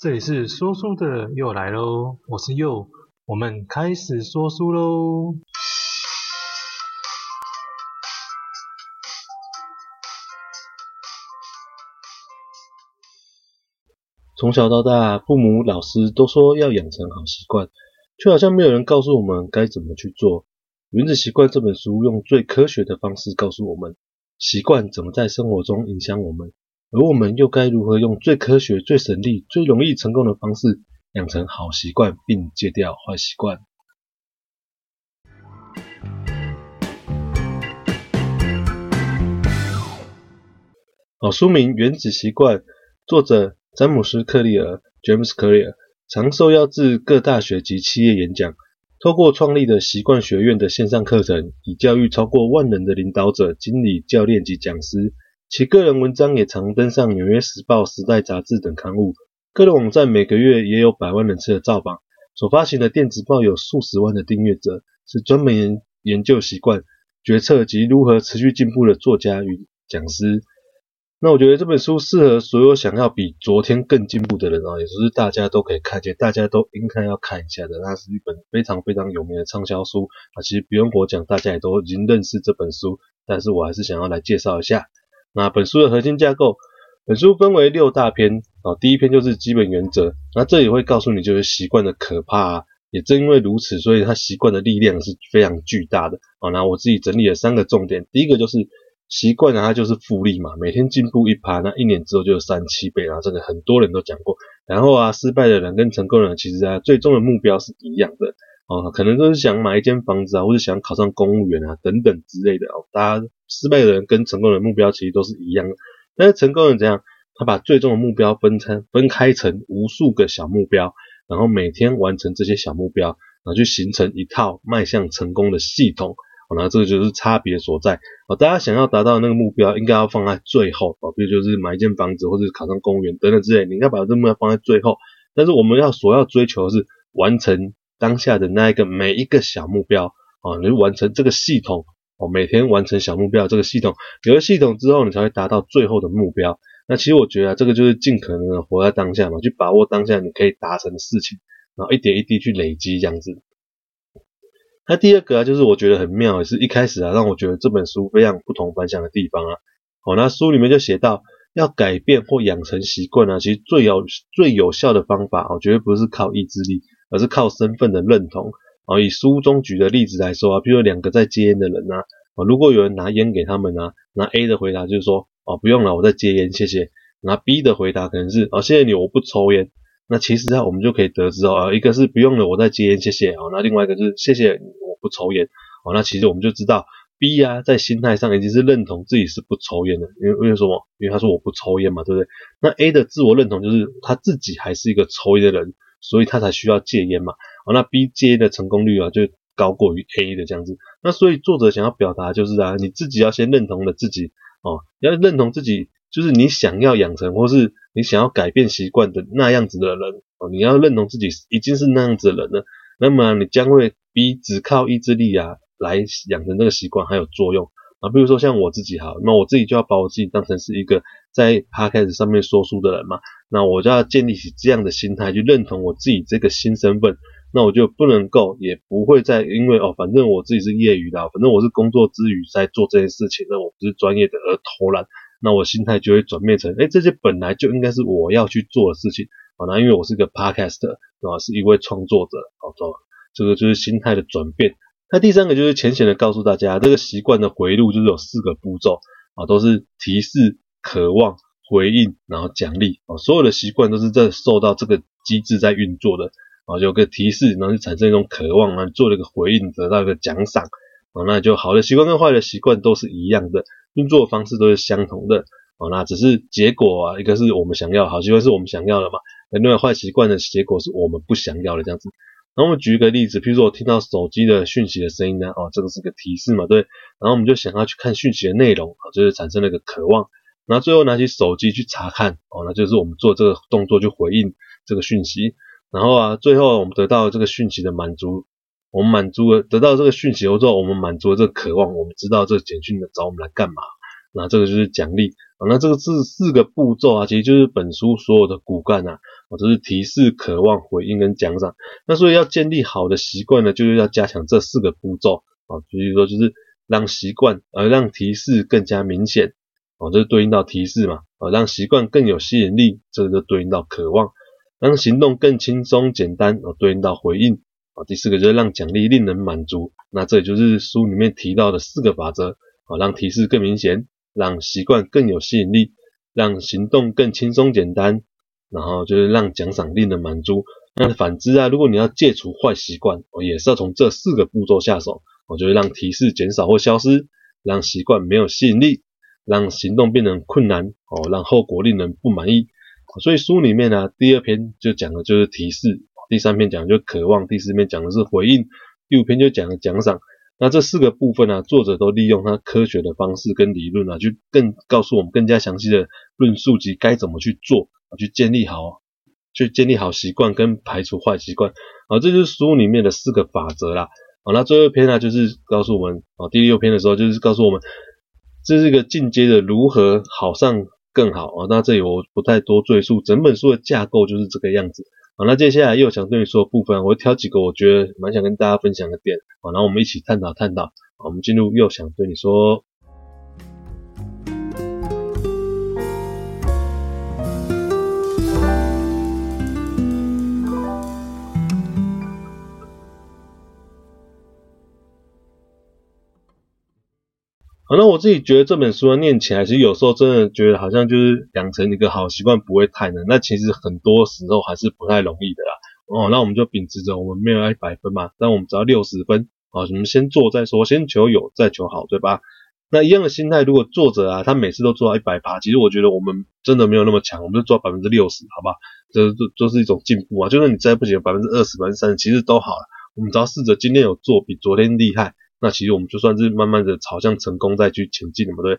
這裡是說書的佑來嘍，我是佑，我們開始說書嘍。從小到大，父母、老師都說要養成好習慣，卻好像沒有人告訴我們該怎麼去做。《原子習慣》這本書用最科學的方式告訴我們，習慣怎麼在生活中影響我們。而我們又該如何用最科學、最省力、最容易成功的方式，養成好習慣並戒掉壞習慣？好，書名《原子習慣》，作者詹姆斯·克利爾 （James Clear）。常受邀至各大學及企業演講，透過創立的習慣學院的線上課程，以教育超過萬人的領導者、經理、教練及講師。其個人文章也常登上《紐約時報》《時代》雜誌等刊物，個人網站每個月也有百萬人次的造訪，所發行的電子報有數十萬的訂閱者，是專門研研究習慣、決策及如何持續進步的作家與講師。那我覺得這本書適合所有想要比昨天更進步的人哦，也就是大家都可以看見，大家都應該要看一下的。那是一本非常非常有名的暢銷書啊，其實不用我講，大家也都已經認識這本書，但是我還是想要來介紹一下。那本書的核心架構，本書分為六大篇啊、哦，第一篇就是基本原則，那這裡會告訴你就是習慣的可怕。啊，也正因為如此，所以它習慣的力量是非常巨大的啊、哦，那我自己整理了三個重點，第一個就是習慣啊，它就是複利嘛，每天進步一趴，那一年之後就有三七倍。然後這個很多人都講過。然後啊，失敗的人跟成功的人其實啊，最終的目標是一樣的。哦，可能就是想買一間房子啊，或者想考上公務員啊，等等之類的哦。大家失敗的人跟成功人的目標其實都是一樣的。但是成功人怎樣？他把最終的目標分拆、分開成無數個小目標，然後每天完成這些小目標，然後去形成一套邁向成功的系統。哦，那這個就是差別所在。哦，大家想要達到的那個目標，應該要放在最後哦。比如就是買一間房子或者考上公務員等等之類的，你應該把這目標放在最後。但是我們要所要追求的是完成，當下的那一個每一個小目標啊，你就完成這個系統哦，每天完成小目標這個系統，有了系統之後，你才會達到最後的目標。那其實我覺得啊，這個就是盡可能活在當下嘛，去把握當下你可以達成的事情，然後一點一滴去累積這樣子。那第二個啊，就是我覺得很妙，也是一開始啊，讓我覺得這本書非常不同凡響的地方啊。好，那書裡面就寫到，要改變或養成習慣呢、啊，其實最有最有效的方法、啊，絕對不是靠意志力。而是靠身份的認同。啊、哦，以書中舉的例子來說啊，比如兩個在戒煙的人啊，啊，如果有人拿煙給他們啊，那 A 的回答就是說，哦，不用了，我在戒煙，謝謝。那 B 的回答可能是，哦，謝謝你，我不抽煙。那其實啊，我們就可以得知哦，一個是不用了，我在戒煙，謝謝。哦，那另外一個就是，謝謝你，我不抽煙。哦，那其實我們就知道 B 啊，在心態上已經是認同自己是不抽煙的，因為為什麼？因為他說我不抽煙嘛，對不對？那 A 的自我認同就是他自己還是一個抽煙的人。所以他才需要戒煙嘛，哦，那 B 戒煙的成功率啊，就高過於 A 的這樣子，那所以作者想要表達就是啊，你自己要先認同了自己，哦，要認同自己，就是你想要養成或是你想要改變習慣的那樣子的人，哦，你要認同自己已經是那樣子的人了，那麼啊，你將會比只靠意志力啊，來養成這個習慣還有作用。啊，比如說像我自己好，那我自己就要把我自己當成是一個在 podcast 上面說書的人嘛，那我就要建立起這樣的心態，去認同我自己這個新身份。那我就不能夠，也不會再因為哦，反正我自己是業餘的，反正我是工作之餘在做這些事情，那我不是專業的而偷懶。那我心態就會轉變成，哎，這些本來就應該是我要去做的事情啊。那因為我是個 podcaster，啊，是一位創作者，好，啊，這個就是心態的轉變。那第三個就是淺顯的告訴大家，這個習慣的回路就是有四個步驟啊，都是提示、渴望、回應，然後獎勵啊，所有的習慣都是在受到這個機制在運作的啊，有個提示，然後產生一種渴望，然後做了一個回應，得到一個獎賞啊，那就好的習慣跟壞的習慣都是一樣的，運作的方式都是相同的啊，那只是結果啊，一個是我們想要的，好習慣是我們想要的嘛，那另外壞習慣的結果是我們不想要的這樣子。然後我們舉一個例子，譬如說我聽到手機的訊息的聲音呢，哦，這個是一個提示嘛，對。然後我們就想要去看訊息的內容，哦，就是產生了一個渴望。然後最後拿起手機去查看，哦，那就是我們做這個動作去回應這個訊息。然後啊，最後我們得到這個訊息的滿足，我們滿足了，得到這個訊息之後，我們滿足了這個渴望，我們知道這個簡訊找我們來幹嘛。那這個就是獎勵，哦，那這個是四個步驟啊，其實就是本書所有的骨幹吶啊。哦，這是提示、渴望、回應跟獎賞。那所以要建立好的習慣呢，就是要加強這四個步驟啊。所以說，就是讓習慣，呃，讓提示更加明顯哦，這是對應到提示嘛啊，讓習慣更有吸引力，這個就對應到渴望，讓行動更輕鬆簡單哦，對應到回應啊，第四個就是讓獎勵令人滿足。那這也就是書裡面提到的四個法則啊，讓提示更明顯，讓習慣更有吸引力，讓行動更輕鬆簡單。然後就是讓獎賞令人滿足。那反之啊，如果你要戒除壞習慣，也是要從這四個步驟下手。我就是讓提示減少或消失，讓習慣沒有吸引力，讓行動變得困難，哦，讓後果令人不滿意。所以書裡面呢、啊，第二篇就講的就是提示，第三篇講的就是渴望，第四篇講的是回應，第五篇就講的獎賞。那這四個部分呢、啊，作者都利用他科學的方式跟理論啊，去更告訴我們更加詳細的論述及該怎麼去做啊，去建立好，去建立好習慣跟排除壞習慣，好、啊，這就是書裡面的四個法則啦。好、啊，那最後一篇呢、啊、就是告訴我們，啊，第六篇的時候就是告訴我們，這是一個進階的如何好上更好啊。那這裡我不太多贅述，整本書的架構就是這個樣子。好，那接下來佑想對你說的部分，我挑幾個我覺得蠻想跟大家分享的點，好，然後我們一起探討探討，好，我們進入佑想對你說。啊、那我自己覺得這本書念起來，其實有時候真的覺得好像就是養成一個好習慣不會太難。那其實很多時候還是不太容易的啦。哦，那我們就秉持着我們沒有要一百分嘛，但我們只要六十分。好、啊，我們先做再說，先求有再求好，對吧？那一樣的心態，如果作者啊他每次都做到一百八，其實我覺得我們真的沒有那麼強，我們就做到百分之六十，好吧，這這都是一種進步啊。就算你再不行百分之二十、百分之三十，其實都好了。我們只要試着今天有做，比昨天厲害。那其實我們就算是慢慢的朝向成功再去前進，對不對？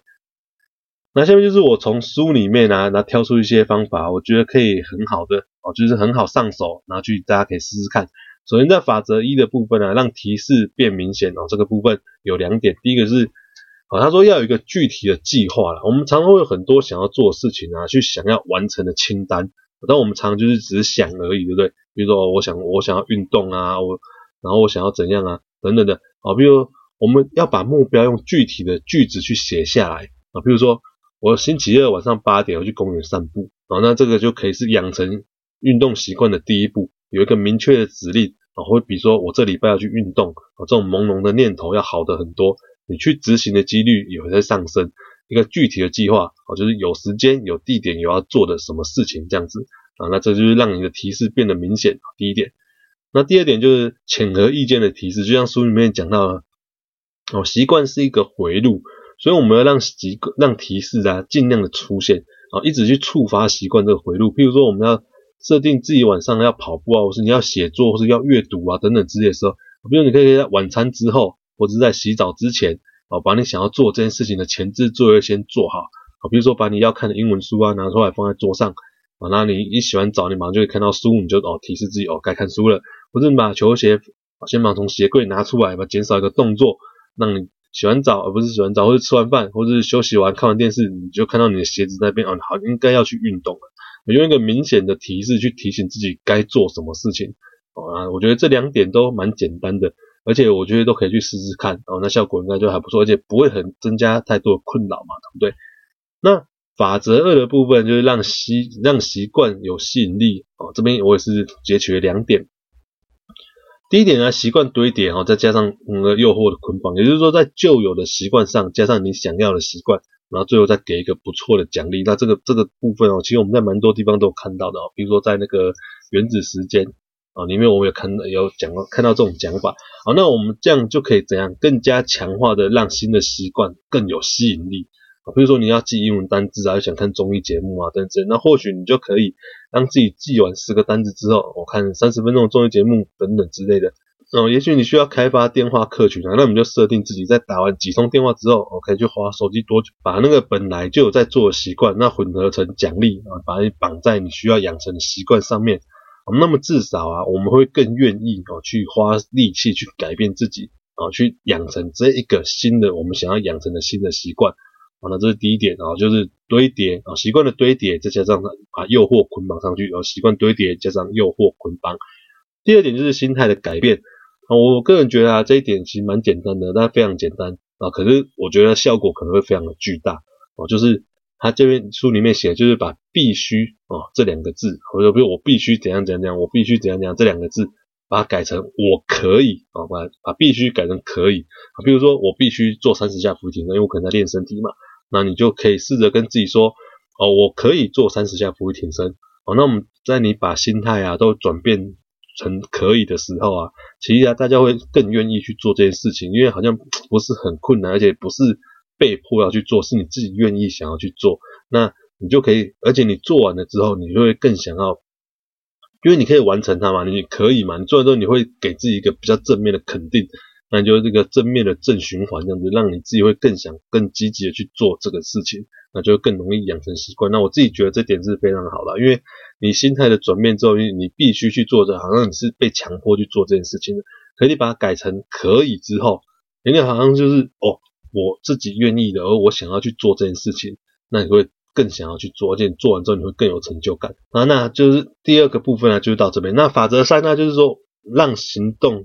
那下面就是我從書裡面啊，那挑出一些方法，我覺得可以很好的哦，就是很好上手，拿去大家可以試試看。首先在法則一的部分啊，讓提示變明顯哦，這個部分有兩點，第一個是，啊他說要有一個具體的計劃了。我們常常會有很多想要做的事情啊，去想要完成的清單，但我們常常就是只想而已，對不對？比如說我想我想要運動啊，我然後我想要怎樣啊，等等的。啊，比如說我們要把目標用具體的句子去寫下來啊，比如說我星期二晚上八點要去公園散步啊，那這個就可以是養成運動習慣的第一步，有一個明確的指令啊，會比如說我這禮拜要去運動啊，這種朦朧的念頭要好得很多，你去執行的幾率也會在上升。一個具體的計劃啊，就是有時間、有地點、有要做的什麼事情這樣子啊，那這就是讓你的提示變得明顯，第一點。那第二點就是顯而易見的提示，就像書裡面講到的，哦，習慣是一個回路，所以我們要讓習讓提示啊盡量的出現，啊、哦，一直去觸發習慣這個回路。譬如說，我們要設定自己晚上要跑步啊，或是你要寫作或是要閱讀啊等等之類的時候，比如你可以在晚餐之後，或者是在洗澡之前，哦，把你想要做這件事情的前置作業先做好，啊、哦，比如說把你要看的英文書啊拿出來放在桌上，啊、哦，那你一洗完澡，你馬上就會看到書，你就哦提示自己哦該看書了。不是你把球鞋先把從鞋櫃拿出來，把減少一個動作，讓你洗完澡，而不是洗完澡，或是吃完飯，或是休息完看完電視，你就看到你的鞋子那邊哦，你好你應該要去運動了，你用一個明顯的提示去提醒自己該做什麼事情啊，哦，我覺得這兩點都蠻簡單的，而且我覺得都可以去試試看哦，那效果應該就還不錯，而且不會很增加太多的困擾嘛，對不對？那法則二的部分就是讓習讓習慣有吸引力哦，這邊我也是截取了兩點。第一點呢，習慣堆疊哦，再加上那個誘惑的捆綁，也就是說，在舊有的習慣上加上你想要的習慣，然後最後再給一個不錯的獎勵。那這個這個部分哦，其實我們在蠻多地方都有看到的哦，比如說在那個原子時間啊裡面，我們有看有講過看到這種講法。好，那我們這樣就可以怎樣更加強化的讓新的習慣更有吸引力。啊，比如說你要記英文單字啊，又想看綜藝節目啊等等，那或許你就可以讓自己記完十個單字之後，我看三十分鐘的綜藝節目等等之類的。哦，也許你需要開發電話客群啊，那我們就設定自己在打完幾通電話之後，可以去滑手機多久，把那個本來就有在做的習慣，那混合成獎勵啊，把你綁在你需要養成的習慣上面。那麼至少啊，我們會更願意去花力氣去改變自己啊，去養成這一個新的我們想要養成的新的習慣。好，那這是第一點啊，就是堆疊啊，習慣的堆疊，再加上啊誘惑捆綁上去，然後習慣堆疊加上誘惑捆綁。第二點就是心態的改變啊，我個人覺得啊，這一點其實蠻簡單的，但非常簡單啊，可是我覺得效果可能會非常的巨大啊，就是他這邊書裡面寫，就是把必須啊這兩個字，或者比如我必須怎樣怎樣怎樣，我必須怎樣怎樣這兩個字，把它改成我可以啊，把把必須改成可以啊，比如說我必須做三十下俯臥撐，因為我可能在練身體嘛。那你就可以試着跟自己說，哦，我可以做三十下伏地挺身。哦，那我們在你把心態啊都轉變成可以的時候啊，其實啊大家會更願意去做這件事情，因為好像不是很困難，而且不是被迫要去做，是你自己願意想要去做。那你就可以，而且你做完了之後，你就會更想要，因為你可以完成它嘛，你可以嘛，你做的時候你會給自己一個比較正面的肯定。那你就這個正面的正循環這樣子，讓你自己會更想、更積極的去做這個事情，那就更容易養成習慣。那我自己覺得這點是非常好的，因為你心態的轉變之後，你必須去做的，好像你是被強迫去做這件事情的。可你把它改成可以之後，人家好像就是哦，我自己願意的，而我想要去做這件事情，那你會更想要去做，而且你做完之後你會更有成就感。啊，那就是第二個部分呢，就是到這邊。那法則三呢，就是說讓行動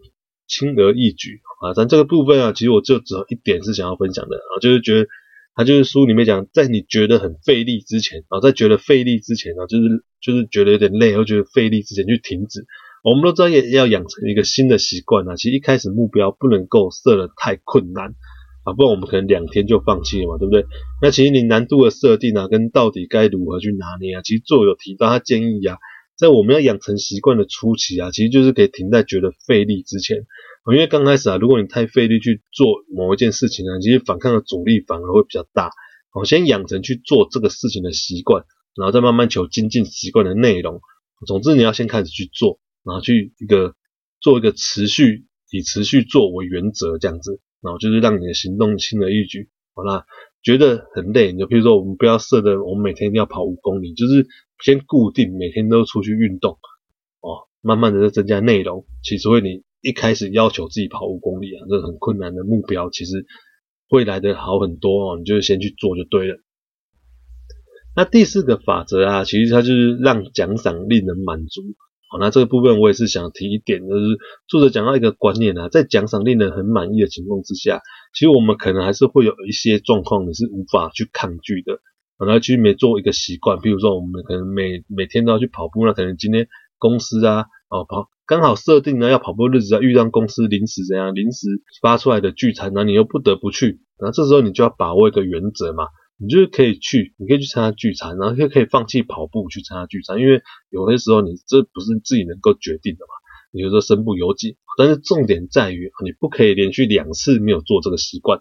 輕而易舉啊，但這個部分啊，其實我就只有一點是想要分享的啊，就是覺得他、啊、就是書裡面講，在你覺得很費力之前啊，在覺得費力之前呢、啊，就是就是覺得有點累或者覺得費力之前就停止、啊。我們都知道要養成一個新的習慣啊，其實一開始目標不能夠設得太困難啊，不然我們可能兩天就放棄了嘛，對不對？那其實你難度的設定啊，跟到底該如何去拿捏啊，其實作者有提到他建議啊。在我們要養成習慣的初期啊，其實就是可以停在覺得費力之前，因為剛開始啊，如果你太費力去做某一件事情啊，其實反抗的阻力反而會比較大。我先養成去做這個事情的習慣，然後再慢慢求精進習慣的內容。總之，你要先開始去做，然後去一個，做一個持續，以持續做為原則這樣子，然後就是讓你的行動輕而易舉。好啦，覺得很累，你就譬如說我們不要設的，我們每天一定要跑五公里，就是。先固定每天都出去運動哦，慢慢的在增加內容。其實為你一開始要求自己跑五公里啊，這個很困難的目標，其實會來得好很多哦。你就先去做就對了。那第四個法則啊，其實它就是讓獎賞令人滿足。好、哦，那這個部分我也是想提一點，就是作者講到一個觀念啊，在獎賞令人很滿意的情況之下，其實我們可能還是會有一些狀況，你是無法去抗拒的。然後其實，沒做一個習慣，比如說我們可能每每天都要去跑步，那可能今天公司啊，哦跑剛好設定呢要跑步日子，啊，遇到公司臨時怎樣臨時發出來的聚餐，那你又不得不去，然後這時候你就要把握一個原則嘛，你就可以去，你可以去參加聚餐，然後就可以放棄跑步去參加聚餐，因為有些時候你這不是自己能夠決定的嘛，你就說身不由己，但是重點在於你不可以連續兩次沒有做這個習慣。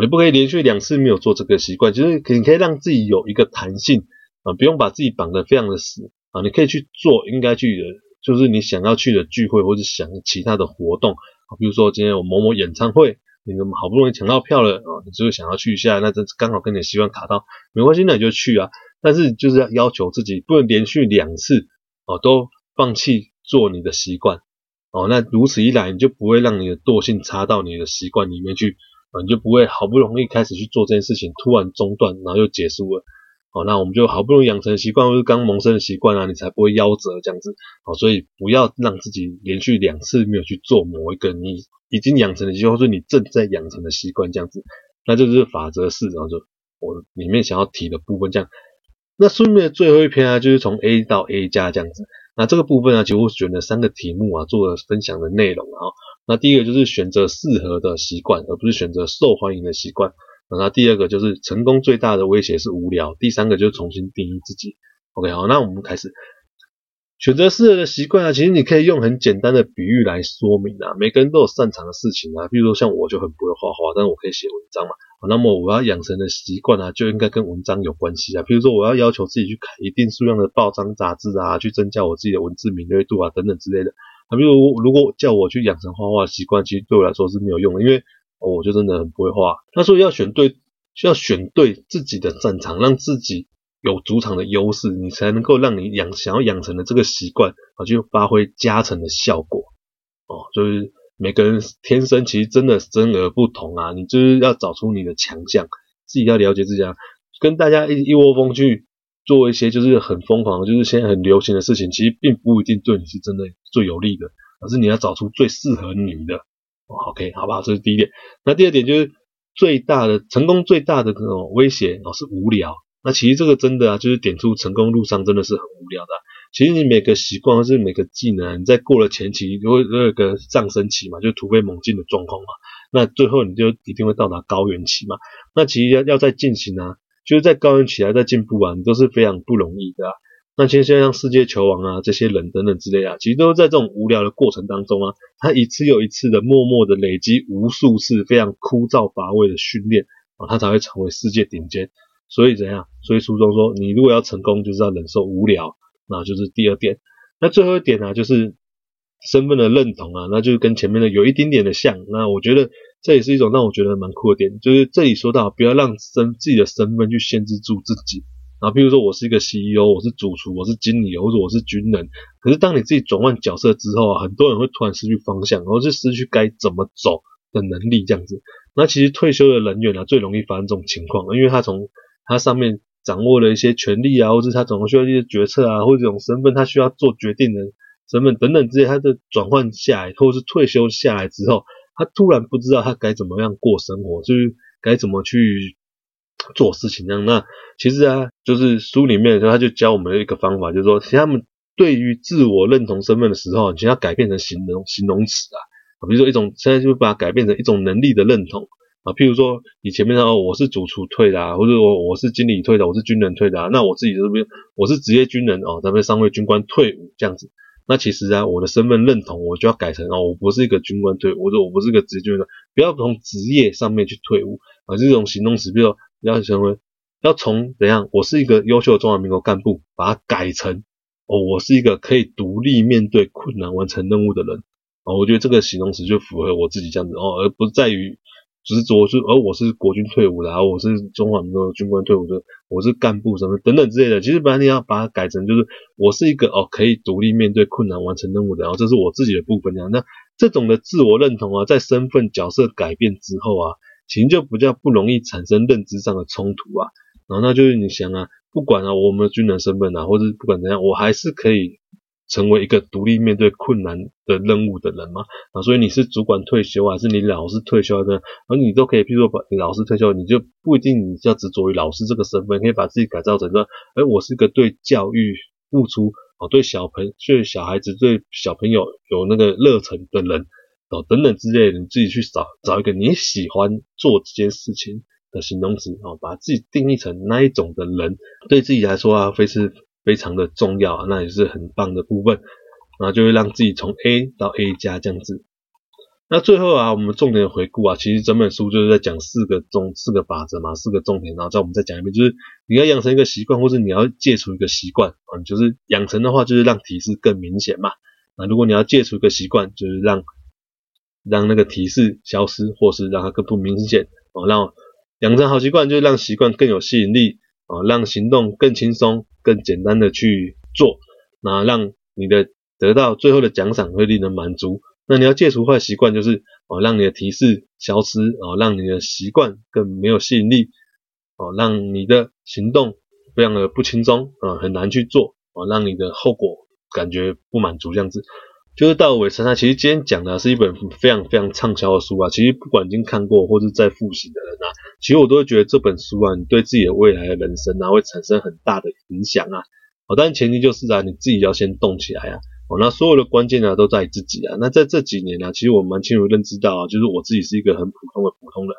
你不可以連續兩次沒有做這個習慣，就是你可以讓自己有一個彈性啊，不用把自己綁得非常的死啊。你可以去做應該去的，就是你想要去的聚會或者想其他的活動啊，比如說今天有某某演唱會，你好不容易搶到票了啊，你就是，是想要去一下，那這剛好跟你習慣卡到，沒關係，那你就去啊。但是就是要要求自己不能連續兩次哦，啊，都放棄做你的習慣哦，那如此一來，你就不會讓你的惰性插到你的習慣裡面去。你就不會好不容易開始去做這件事情，突然中斷，然後又結束了。好，那我們就好不容易養成習慣，或者是剛萌生的習慣啊，你才不會夭折這樣子。好，所以不要讓自己連續兩次沒有去做某一個你已經養成的習慣，或是你正在養成的習慣這樣子。那這就是法則四，然後就我裡面想要提的部分這樣。那順便的最後一篇啊，就是從 A 到 A 加這樣子。那這個部分啊，其實我選了三個題目啊，做了分享的內容然後啊。那第一個就是選擇適合的習慣，而不是選擇受歡迎的習慣。那第二個就是成功最大的威脅是無聊。第三個就是重新定義自己。OK，好，那我們開始選擇適合的習慣啊。其實你可以用很簡單的比喻來說明啊。每個人都有擅長的事情啊，比如說像我就很不會畫畫，但是我可以寫文章嘛。那麼我要養成的習慣啊，就應該跟文章有關係啊。比如說我要要求自己去看一定數量的報章雜誌啊，去增加我自己的文字敏銳度啊，等等之類的。還比如，如果叫我去養成畫畫習慣，其實對我來說是沒有用的，因為我就真的很不會畫。他說要選對，需要選對自己的戰場，讓自己有主場的優勢，你才能夠讓你養想要養成的這個習慣啊，去發揮加成的效果。哦，就是每個人天生其實真的生而不同啊，你就是要找出你的強項，自己要了解自己，跟大家一，一窩蜂去。做一些就是很瘋狂，就是現在很流行的事情，其實並不一定對你是真的最有利的，而是你要找出最適合你的。OK，好不好？這是第一點。那第二點就是最大的成功最大的那種威脅老、哦、是無聊。那其實這個真的啊，就是點出成功路上真的是很無聊的、啊。其實你每個習慣或是每個技能、啊，你在過了前期，如有一個上升期嘛，就突飛猛進的狀況嘛，那最後你就一定會到達高原期嘛。那其實要要再進行啊。就是在高原起來，在進步啊，都是非常不容易的啊。那其實像世界球王啊，這些人等等之類啊，其實都是在這種無聊的過程當中啊，他一次又一次的默默的累積無數次非常枯燥乏味的訓練啊，他才會成為世界頂尖。所以怎樣？所以書中說，你如果要成功，就是要忍受無聊，那就是第二點。那最後一點呢，啊，就是身份的認同啊，那就是跟前面的有一點點的像。那我覺得。這也是一種讓我覺得蠻酷的點，就是這裡說到不要讓身自己的身份去限制住自己。然後，比如說我是一個 CEO，我是主廚，我是經理，或者我是軍人。可是當你自己轉換角色之後啊，很多人會突然失去方向，然後就失去該怎麼走的能力這樣子。那其實退休的人員呢、啊，最容易發生這種情況，因為他從他上面掌握了一些權力啊，或者他總共需要一些決策啊，或者這種身份他需要做決定的身份等等這些，他的轉換下來，或者是退休下來之後。他突然不知道他該怎麼樣過生活，就是該怎麼去做事情這樣。那其實啊，就是書裡面的時候，他就教我們一個方法，就是說，其實他們對於自我認同身份的時候，你要改變成形容形容詞啊，比如說一種，現在就把它改變成一種能力的認同啊，譬如說，你前面說哦，我是主廚退的，啊，或者我我是經理退的，我是軍人退的，啊，那我自己這邊就是，我是職業軍人哦，咱們三位軍官退伍這樣子。那其實啊，我的身份認同我就要改成哦，我不是一個軍官退伍，我說我不是一個職業軍官，不要從職業上面去退伍啊，這種形容詞，比如說要成為，要從怎樣，我是一個優秀的中華民國幹部，把它改成哦，我是一個可以獨立面對困難、完成任務的人啊，哦，我覺得這個形容詞就符合我自己這樣子哦，而不在於。只是，我、哦、是，而我是國軍退伍的，我是中華民國軍官退伍的，我是幹部什麼等等之類的。其實本來你要把它改成，就是我是一個哦，可以獨立面對困難、完成任務的，然、哦、後這是我自己的部分啊。那這種的自我認同啊，在身份角色改變之後啊，其實就比較不容易產生認知上的衝突啊。然後那就是你想啊，不管啊我們的軍人身份啊，或者不管怎樣，我還是可以。成為一個獨立面對困難的任務的人嘛，啊，所以你是主管退休還是你老師退休呢？而、啊、你都可以，譬如說你老師退休，你就不一定你要執着於老師這個身份，可以把自己改造成一個，而我是一個對教育付出哦、啊，對小朋友、小孩子、對小朋友有那個熱忱的人，哦、啊，等等之類的，你自己去找找一個你喜歡做這件事情的形容詞，哦、啊，把自己定義成那一種的人，對自己來說啊，非是。非常的重要啊，那也是很棒的部分，然後就會讓自己從 A 到 A 加這樣子。那最後啊，我們重點回顧啊，其實整本書就是在講四個中，四個法則嘛，四個重點。然後再我們再講一遍，就是你要養成一個習慣，或者你要戒除一個習慣啊。就是養成的話，就是讓提示更明顯嘛。那如果你要戒除一個習慣，就是讓讓那個提示消失，或是讓它更不明顯。啊，讓養成好習慣，就是讓習慣更有吸引力。哦，讓行動更輕鬆、更簡單的去做，那讓你的得到最後的獎賞會令人滿足。那你要戒除壞習慣，就是哦，讓你的提示消失，哦，讓你的習慣更沒有吸引力，哦，讓你的行動非常的不輕鬆，啊、哦，很難去做，哦，讓你的後果感覺不滿足，這樣子。就是到尾聲啊，其實今天講的是一本非常非常暢銷的書啊。其實不管已經看過或者在複習的人啊，其實我都會覺得這本書啊，你對自己的未來的人生啊，會產生很大的影響啊。好、哦，但前提就是啊，你自己要先動起來啊。哦，那所有的關鍵啊，都在於自己啊。那在這幾年啊，其實我蠻清楚認知到，啊，就是我自己是一個很普通的普通人。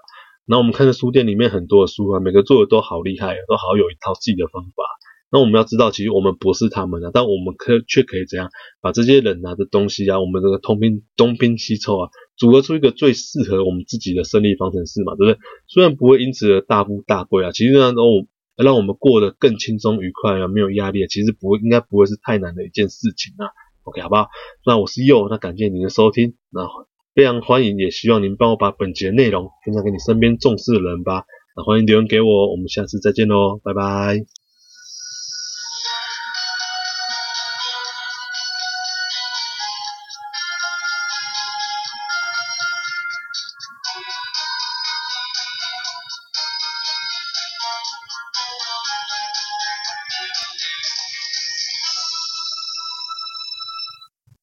然後我們看著書店裡面很多的書啊，每個作者都好厲害、啊，都好有一套自己的方法。那我們要知道，其實我們不是他們啊，但我們可卻可以怎樣，把這些人啊的東西啊，我們這個東拼東拼西湊啊，組合出一個最適合我們自己的勝利方程式嘛，對不對？雖然不會因此而大富大貴啊，其實讓、哦、讓我們過得更輕鬆愉快啊，沒有壓力，其實不會應該不會是太難的一件事情啊。OK，好不好？那我是佑，那感謝您的收聽，那非常歡迎，也希望您幫我把本節的內容分享給你身邊重視的人吧。那歡迎留言給我，我們下次再見嘍，拜拜。